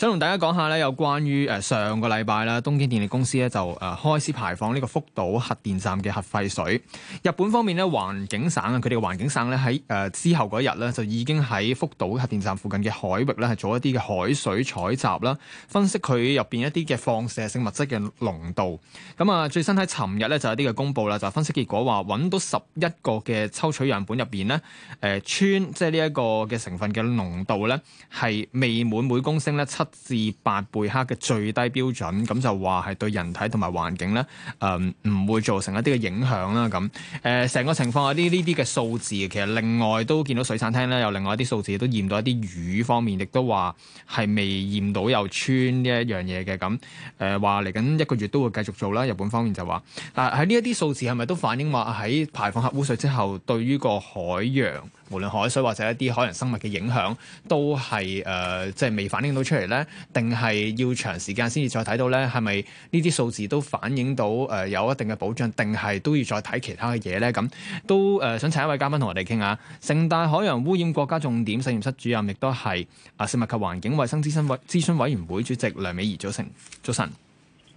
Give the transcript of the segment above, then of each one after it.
想同大家講下咧，有關於誒上個禮拜啦，東京電力公司咧就誒開始排放呢個福島核電站嘅核廢水。日本方面呢，環境省啊，佢哋嘅環境省咧喺誒之後嗰一日咧，就已經喺福島核電站附近嘅海域咧，係做一啲嘅海水採集啦，分析佢入邊一啲嘅放射性物質嘅濃度。咁啊，最新喺尋日咧就有啲嘅公佈啦，就是、分析結果話揾到十一個嘅抽取樣本入邊呢，誒、呃、氚，即係呢一個嘅成分嘅濃度咧，係未滿每公升咧七至八貝克嘅最低標準，咁就話係對人體同埋環境咧，誒、呃、唔會造成一啲嘅影響啦。咁誒成個情況有啲呢啲嘅數字，其實另外都見到水產廳咧，有另外一啲數字都驗到一啲魚方面，亦都話係未驗到有氚呢一樣嘢嘅。咁誒話嚟緊一個月都會繼續做啦。日本方面就話，啊喺呢一啲數字係咪都反映話喺排放核污水之後，對於個海洋，無論海水或者一啲海洋生物嘅影響都係，誒即係未反映到出嚟咧？定係要長時間先至再睇到呢？係咪呢啲數字都反映到誒有一定嘅保障，定係都要再睇其他嘅嘢呢？咁都誒、呃、想請一位嘉賓同我哋傾下，城大海洋污染國家重點實驗室主任，亦都係啊食物及環境衞生諮詢委諮詢委員會主席梁美儀組成，早晨。早晨。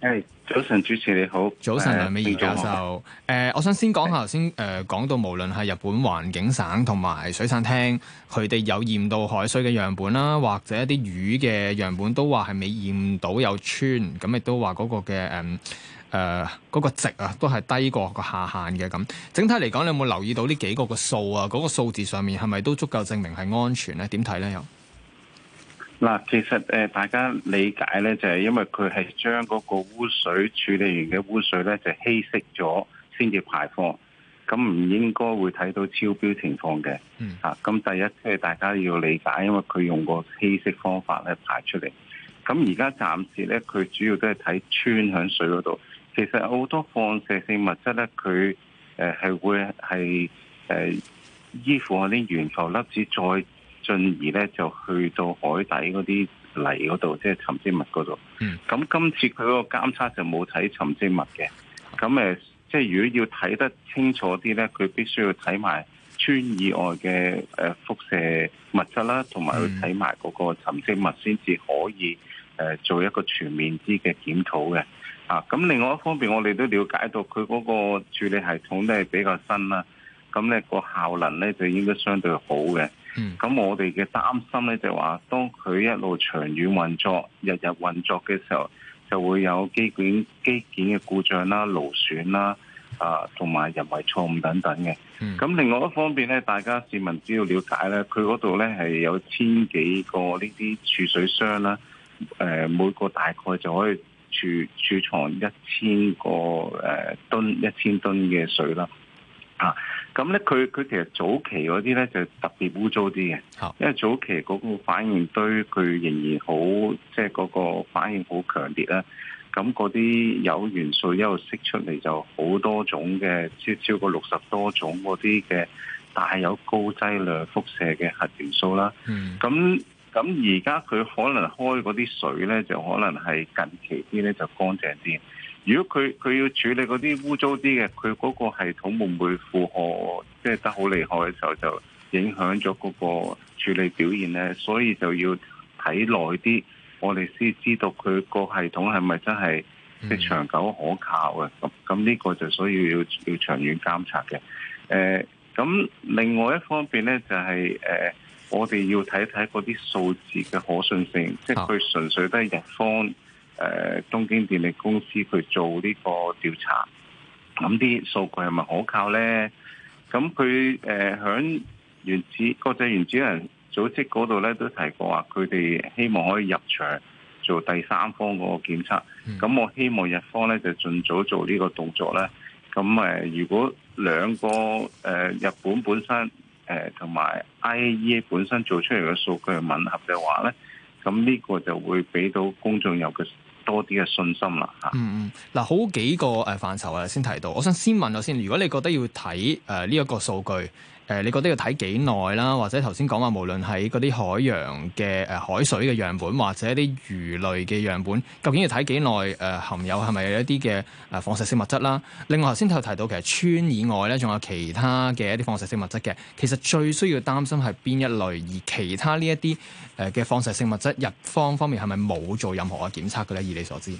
誒，hey, 早晨，主持你好。早晨上，梁、啊、美儀教授。誒、呃，我想先講下頭先，誒是，講、呃、到無論係日本環境省同埋水產廳，佢哋有驗到海水嘅樣本啦，或者一啲魚嘅樣本，都話係未驗到有氚，咁亦都話嗰個嘅，誒、呃，誒，嗰個值啊，都係低過個下限嘅。咁整體嚟講，你有冇留意到呢幾個個數啊？嗰，那個數字上面係咪都足夠證明係安全咧？點睇咧？又？嗱，其實誒大家理解咧，就係因為佢係將嗰個污水處理完嘅污水咧，就稀釋咗先至排放，咁唔應該會睇到超標情況嘅。嚇、嗯，咁、啊、第一即係大家要理解，因為佢用個稀釋方法咧排出嚟。咁而家暫時咧，佢主要都係睇氚響水嗰度。其實好多放射性物質咧，佢誒係會係誒依附嗰啲源頭粒子再，進而咧就去到海底嗰啲泥嗰度，即係沉積物嗰度。咁、mm. 今次佢嗰個監測就冇睇沉積物嘅。咁誒，即係如果要睇得清楚啲咧，佢必須要睇埋氚以外嘅誒輻射物質啦，同埋睇埋嗰個沉積物先至可以誒做一個全面啲嘅檢討嘅。啊，咁另外一方面，我哋都了解到佢嗰個處理系統都係比較新啦，咁、那、咧個效能咧就應該相對好嘅。咁、嗯、我哋嘅擔心咧就係話，當佢一路長遠運作、日日運作嘅時候，就會有機件機件嘅故障啦、勞損啦，啊、呃，同埋人為錯誤等等嘅。咁、嗯、另外一方面咧，大家市民只要了解咧，佢嗰度咧係有千幾個呢啲儲水箱啦，誒、呃、每個大概就可以儲儲藏一千個誒噸一千噸嘅水啦。咁咧佢佢其實早期嗰啲咧就特別污糟啲嘅，因為早期嗰個反應堆佢仍然好，即係嗰個反應好強烈啦。咁嗰啲有元素一路釋出嚟，就好多種嘅，即超，超過六十多種嗰啲嘅帶有高劑量輻射嘅核元素啦。嗯。咁咁而家佢可能開嗰啲水咧，就可能係近期啲咧就乾淨啲。如果佢佢要處理嗰啲污糟啲嘅，佢嗰個系統會唔會負荷即係得好厲害嘅時候就影響咗嗰個處理表現咧？所以就要睇耐啲，我哋先知道佢個系統係咪真係即係長久可靠嘅？咁咁呢個就所以要要長遠監察嘅。誒、呃，咁另外一方面咧就係、是、誒、呃，我哋要睇睇嗰啲數字嘅可信性，即係佢純粹都係日方。誒東京電力公司去做呢個調查，咁啲數據係咪可靠呢？咁佢誒響原子國際原子能組織嗰度咧都提過話，佢哋希望可以入場做第三方嗰個檢測。咁、嗯、我希望日方咧就盡早做呢個動作咧。咁誒，如果兩個誒、呃、日本本身誒同、呃、埋 IAEA 本身做出嚟嘅數據吻合嘅話呢，咁呢個就會俾到公眾有嘅。多啲嘅信心啦吓。嗯嗯，嗱，好幾個誒範疇啊，先提到。我想先問下先，如果你覺得要睇誒呢一個數據。誒、呃，你覺得要睇幾耐啦？或者頭先講話，無論喺嗰啲海洋嘅誒、呃、海水嘅樣本，或者啲魚類嘅樣本，究竟要睇幾耐？誒、呃，含有係咪有一啲嘅誒放射性物質啦？另外頭先又提到，其實氚以外咧，仲有其他嘅一啲放射性物質嘅，其實最需要擔心係邊一類？而其他呢一啲誒嘅放射性物質，日方方面係咪冇做任何嘅檢測嘅咧？以你所知？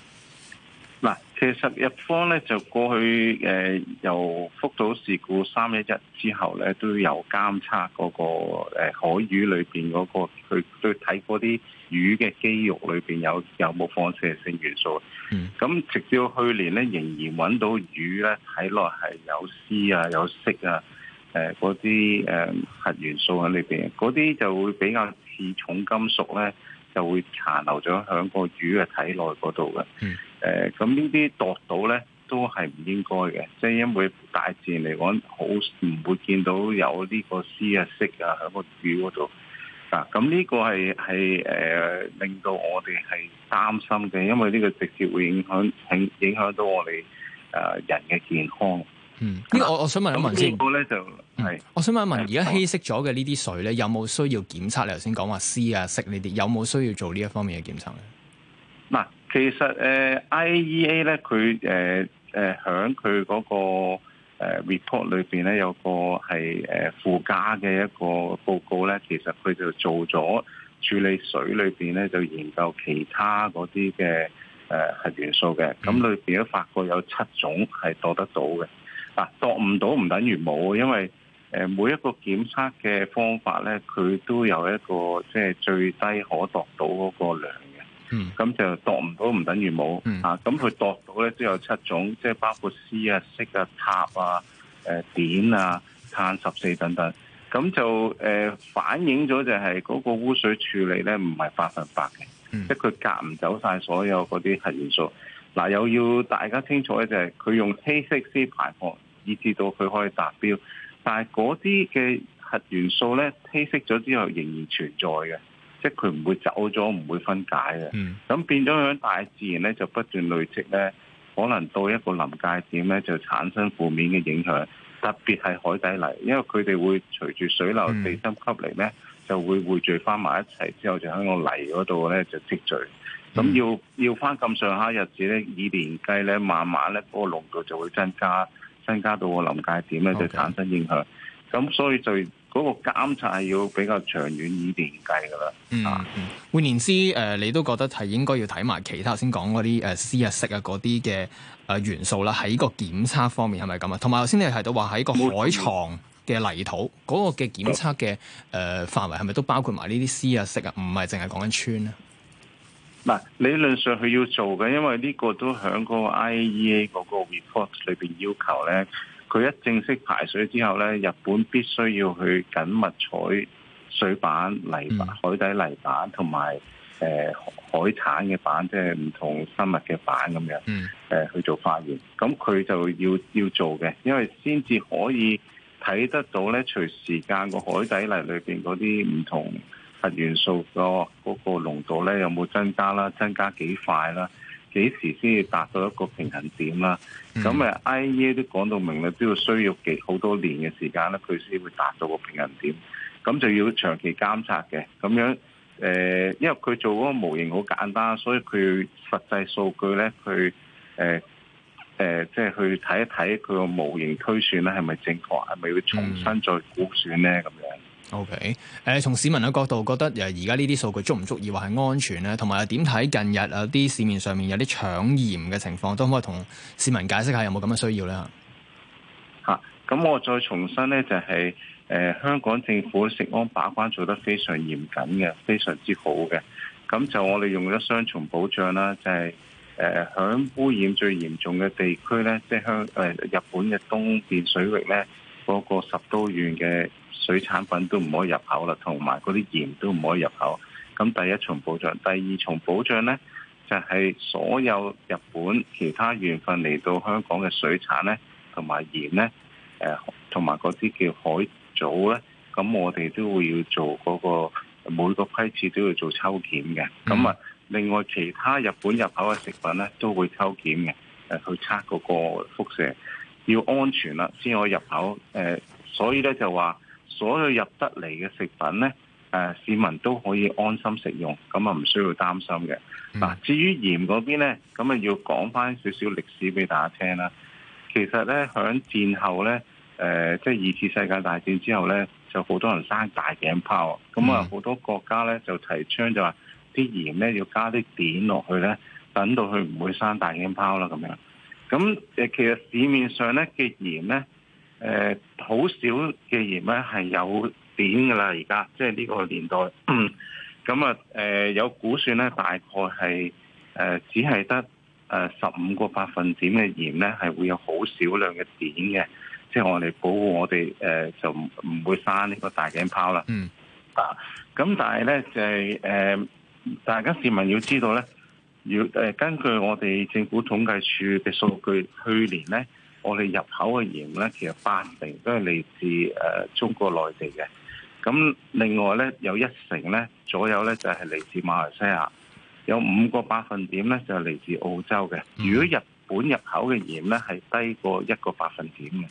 嗱，其實日方咧就過去誒，由、呃、福島事故三一一之後咧，都有監測嗰、那個、呃、海魚裏邊嗰個，去去睇嗰啲魚嘅肌肉裏邊有有冇放射性元素。咁、mm. 直至去年咧，仍然揾到魚咧，體內係有鍶啊、有銫啊、誒嗰啲誒核元素喺裏邊，嗰啲就會比較似重金屬咧，就會殘留咗響個魚嘅體內嗰度嘅。Mm. 誒，咁、呃、呢啲度到咧，都係唔應該嘅，即係因為大自然嚟講好唔會見到有呢個氚啊、銫啊喺個水嗰度。嗱、啊，咁呢個係係誒令到我哋係擔心嘅，因為呢個直接會影響，影響到我哋誒、呃、人嘅健康。嗯，呢我我想問一問先，就係，我想問一問，而家稀釋咗嘅呢啲水咧，有冇需要檢測？你頭先講話氚啊、銫呢啲，有冇需要做呢一方面嘅檢測咧？嗱。其實誒 IAEA 咧，佢誒誒響佢嗰個 report 裏邊咧，有個係誒附加嘅一個報告咧。其實佢就做咗處理水裏邊咧，就研究其他嗰啲嘅誒核元素嘅。咁裏邊都發覺有七種係度得到嘅。嗱，度唔到唔等於冇，因為誒每一個檢測嘅方法咧，佢都有一個即係最低可度到嗰個量。咁、嗯、就度唔到唔等於冇、嗯、啊！咁佢度到咧都有七種，即係包括 C 啊、色啊、塔啊、誒、呃、碘啊、碳十四等等。咁就誒、呃、反映咗就係嗰個污水處理咧唔係百分百嘅，嗯、即係佢隔唔走晒所有嗰啲核元素。嗱，又要大家清楚咧，就係佢用稀釋先排放，以至到佢可以達標，但係嗰啲嘅核元素咧稀釋咗之後仍然存在嘅。即係佢唔會走咗，唔會分解嘅。咁、嗯、變咗喺大自然咧，就不斷累積咧，可能到一個臨界點咧，就產生負面嘅影響。特別係海底泥，因為佢哋會隨住水流地心吸力咧，就會匯聚翻埋一齊，之後就喺個泥嗰度咧就積聚。咁、嗯、要要翻咁上下日子咧，以年計咧，慢慢咧嗰個濃度就會增加，增加到個臨界點咧，就產生影響。咁 Okay. 所以最嗰個監察係要比較長遠，以年計噶啦、嗯，嗯，換言之，你都覺得係應該要睇埋其他先講嗰啲誒 C 啊、色啊嗰啲嘅誒元素啦，喺個檢測方面係咪咁啊？同埋頭先你提到話喺個海床嘅泥土嗰、嗯、個嘅檢測嘅誒範圍係咪都包括埋呢啲 c 啊、色啊？唔係淨係講緊氚啊。嗱，理論上佢要做嘅，因為呢個都響個 I A E A 嗰個 report 裏邊要求咧。佢一正式排水之後呢，日本必須要去緊密採水板、泥板、海底泥板同埋誒海產嘅板，即係唔同生物嘅板咁樣誒、呃、去做化驗。咁佢就要要做嘅，因為先至可以睇得到呢，隨時間個海底泥裏邊嗰啲唔同核元素個嗰個濃度呢，有冇增加啦，增加幾快啦，幾時先至達到一個平衡點啦？咁啊，IEA 都講到明啦，都要需要幾好多年嘅時間咧，佢先會達到個平衡點。咁就要長期監察嘅。咁樣誒、呃，因為佢做嗰個模型好簡單，所以佢實際數據咧，佢誒誒，即、呃、係、呃就是、去睇一睇佢個模型推算咧係咪正確，係咪要重新再估算咧咁樣。OK，誒、呃，從市民嘅角度覺得，誒，而家呢啲數據足唔足以話係安全咧？同埋點睇近日有啲市面上面有啲搶鹽嘅情況，都可以同市民解釋下有冇咁嘅需要咧？嚇、啊，咁我再重申咧就係、是、誒、呃、香港政府食安把關做得非常嚴謹嘅，非常之好嘅。咁就我哋用咗雙重保障啦，就係誒響污染最嚴重嘅地區咧，即、就、係、是、香誒、呃、日本嘅東邊水域咧。嗰個十都縣嘅水產品都唔可以入口啦，同埋嗰啲鹽都唔可以入口。咁第一重保障，第二重保障呢，就係、是、所有日本其他縣份嚟到香港嘅水產呢，同埋鹽呢，誒，同埋嗰啲叫海藻呢，咁我哋都會要做嗰、那個每個批次都要做抽檢嘅。咁啊，另外其他日本入口嘅食品呢，都會抽檢嘅，誒，去測嗰個輻射。要安全啦，先可以入口。誒、呃，所以咧就話，所有入得嚟嘅食品咧，誒、呃、市民都可以安心食用，咁啊唔需要擔心嘅。嗱、啊，至於鹽嗰邊咧，咁啊要講翻少少歷史俾大家聽啦。其實咧，響戰後咧，誒、呃、即係二次世界大戰之後咧，就好多人生大頸泡，咁啊好多國家咧就提倡就話，啲鹽咧要加啲碘落去咧，等到佢唔會生大頸泡啦，咁樣。咁誒，其實市面上咧嘅鹽咧，誒好少嘅鹽咧係有碘噶啦，而家即係呢個年代。咁啊誒，有估算咧，大概係誒、呃、只係得誒十五個百分點嘅鹽咧，係會有好少量嘅碘嘅，即係我哋保護我哋誒、呃、就唔唔會生呢個大頸泡啦。嗯。啊，咁但係咧就係、是、誒、呃，大家市民要知道咧。要誒根據我哋政府統計處嘅數據，去年呢，我哋入口嘅鹽呢，其實八成都係嚟自誒中國內地嘅。咁另外呢，有一成呢左右呢，就係嚟自馬來西亞，有五個百分點呢，就係嚟自澳洲嘅。如果日本入口嘅鹽呢，係低過一個百分點嘅。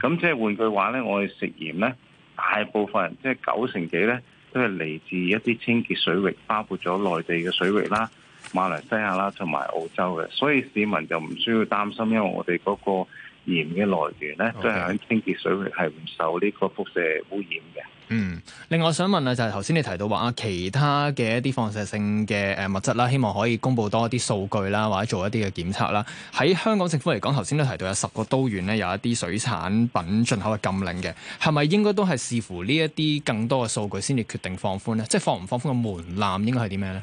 咁、嗯、即係換句話呢，我哋食鹽呢，大部分人即係九成幾呢，都係嚟自一啲清潔水域，包括咗內地嘅水域啦。馬來西亞啦，同埋澳洲嘅，所以市民就唔需要擔心，因為我哋嗰個鹽嘅來源咧，都係喺清潔水域，係唔受呢個輻射污染嘅。嗯，另外我想問啊，就係頭先你提到話，其他嘅一啲放射性嘅誒物質啦，希望可以公布多一啲數據啦，或者做一啲嘅檢測啦。喺香港政府嚟講，頭先都提到有十個都縣呢，有，有一啲水產品進口嘅禁令嘅，係咪應該都係視乎呢一啲更多嘅數據先至決定放寬呢？即係放唔放寬嘅門檻應該係啲咩呢？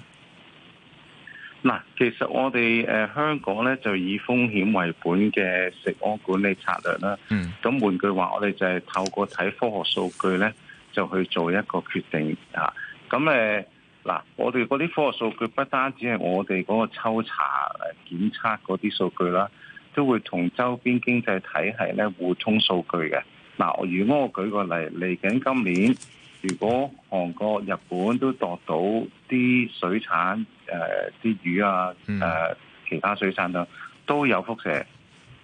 嗱，其實我哋誒香港咧就以風險為本嘅食安管理策略啦。嗯，咁換句話，我哋就係透過睇科學數據咧，就去做一個決定嚇。咁、啊、誒，嗱、啊，我哋嗰啲科學數據不單止係我哋嗰個抽查誒檢測嗰啲數據啦，都會同周邊經濟體系咧互通數據嘅。嗱、啊，我如果我舉個例，嚟緊今年。如果韓國、日本都度到啲水產，誒、呃、啲魚啊，誒、呃、其他水產等都有輻射，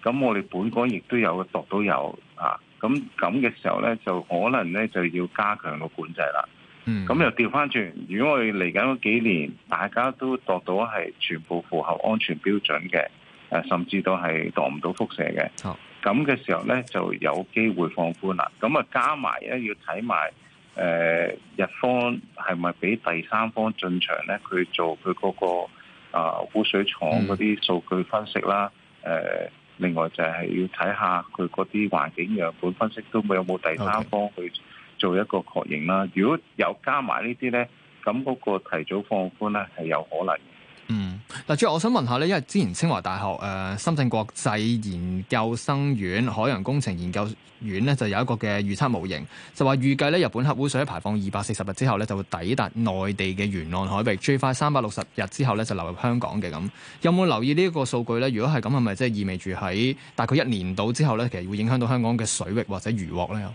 咁我哋本港亦都有度到有啊，咁咁嘅時候咧，就可能咧就要加強個管制啦。咁、嗯、又調返轉，如果我哋嚟緊嗰幾年大家都度到係全部符合安全標準嘅，誒、啊、甚至都係度唔到輻射嘅，咁嘅好時候咧就有機會放寬啦。咁啊加埋咧要睇埋。誒、uh, 日方係咪俾第三方進場呢？佢做佢嗰、嗰個啊、呃、污水廠嗰啲數據分析啦。誒、呃，另外就係要睇下佢嗰啲環境樣本分析，都冇有冇第三方去做一個確認啦。Okay. 如果有加埋呢啲呢，咁嗰個提早放寬呢，係有可能。嗱，最我想問下咧，因為之前清華大學誒、呃、深圳國際研究生院海洋工程研究院咧，就有一個嘅預測模型，就話預計咧日本核污水喺排放二百四十日之後咧，就會抵達內地嘅沿岸海域，最快三百六十日之後咧，就流入香港嘅咁。有冇留意呢個數據咧？如果係咁，係咪即係意味住喺大概一年度之後咧，其實會影響到香港嘅水域或者漁獲咧？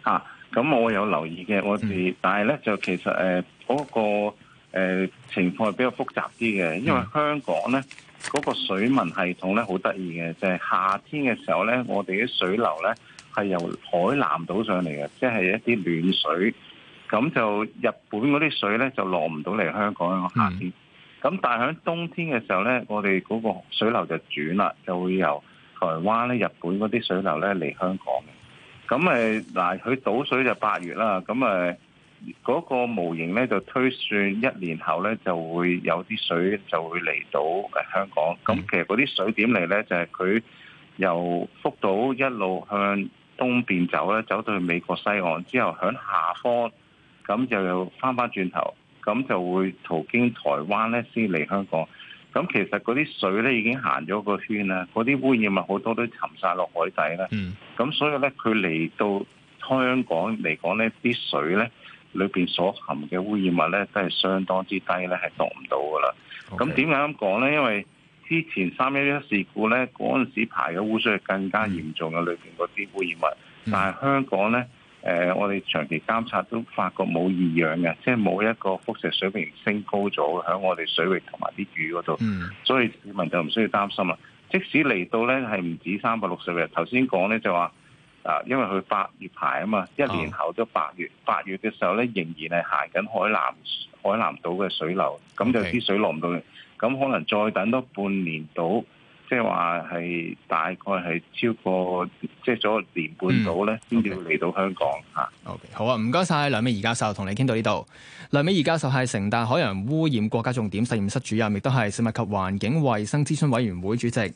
啊，咁我有留意嘅，我哋，嗯、但係咧就其實誒嗰、呃嗰個。誒、呃、情況係比較複雜啲嘅，因為香港呢嗰、那個水文系統呢，好得意嘅，就係、是、夏天嘅時候呢，我哋啲水流呢係由海南島上嚟嘅，即、就、係、是、一啲暖水，咁就日本嗰啲水呢，就落唔到嚟香港個夏天。咁、mm. 但係喺冬天嘅時候呢，我哋嗰個水流就轉啦，就會由台灣咧、日本嗰啲水流呢嚟香港嘅。咁誒嗱，佢、呃、倒水就八月啦，咁誒。呃嗰個模型咧就推算一年後咧就會有啲水就會嚟到誒香港。咁其實嗰啲水點嚟咧，就係佢由福島一路向東邊走咧，走到去美國西岸之後，響下方咁就又翻返轉頭，咁就會途經台灣咧先嚟香港。咁其實嗰啲水咧已經行咗個圈啦，嗰啲污染物好多都沉晒落海底啦。咁所以咧，佢嚟到香港嚟講咧，啲水咧～裏邊所含嘅污染物咧，都係相當之低咧，係度唔到噶啦。咁點解咁講咧？因為之前三一一事故咧，嗰陣時排嘅污水係更加嚴重嘅，裏邊嗰啲污染物。但係香港咧，誒、呃，我哋長期監察都發覺冇異樣嘅，即係冇一個輻射水平升高咗喺我哋水域同埋啲魚嗰度。Mm. 所以市民就唔需要擔心啦。即使嚟到咧，係唔止三百六十日，頭先講咧就話。啊，因為佢八月排啊嘛，一年後都八月，八月嘅時候咧仍然係行緊海南海南島嘅水流，咁 Okay. 就啲水落唔到嚟，咁可能再等多半年到、就是，即係話係大概係超過即係咗年半到咧，先至、嗯 okay. 會嚟到香港嚇。啊、o、okay, K，好啊，唔該晒。梁美儀教授，同你傾到呢度。梁美儀教授係城大海洋污染國家重點實驗室主任，亦都係食物及環境衛生諮詢委員會主席。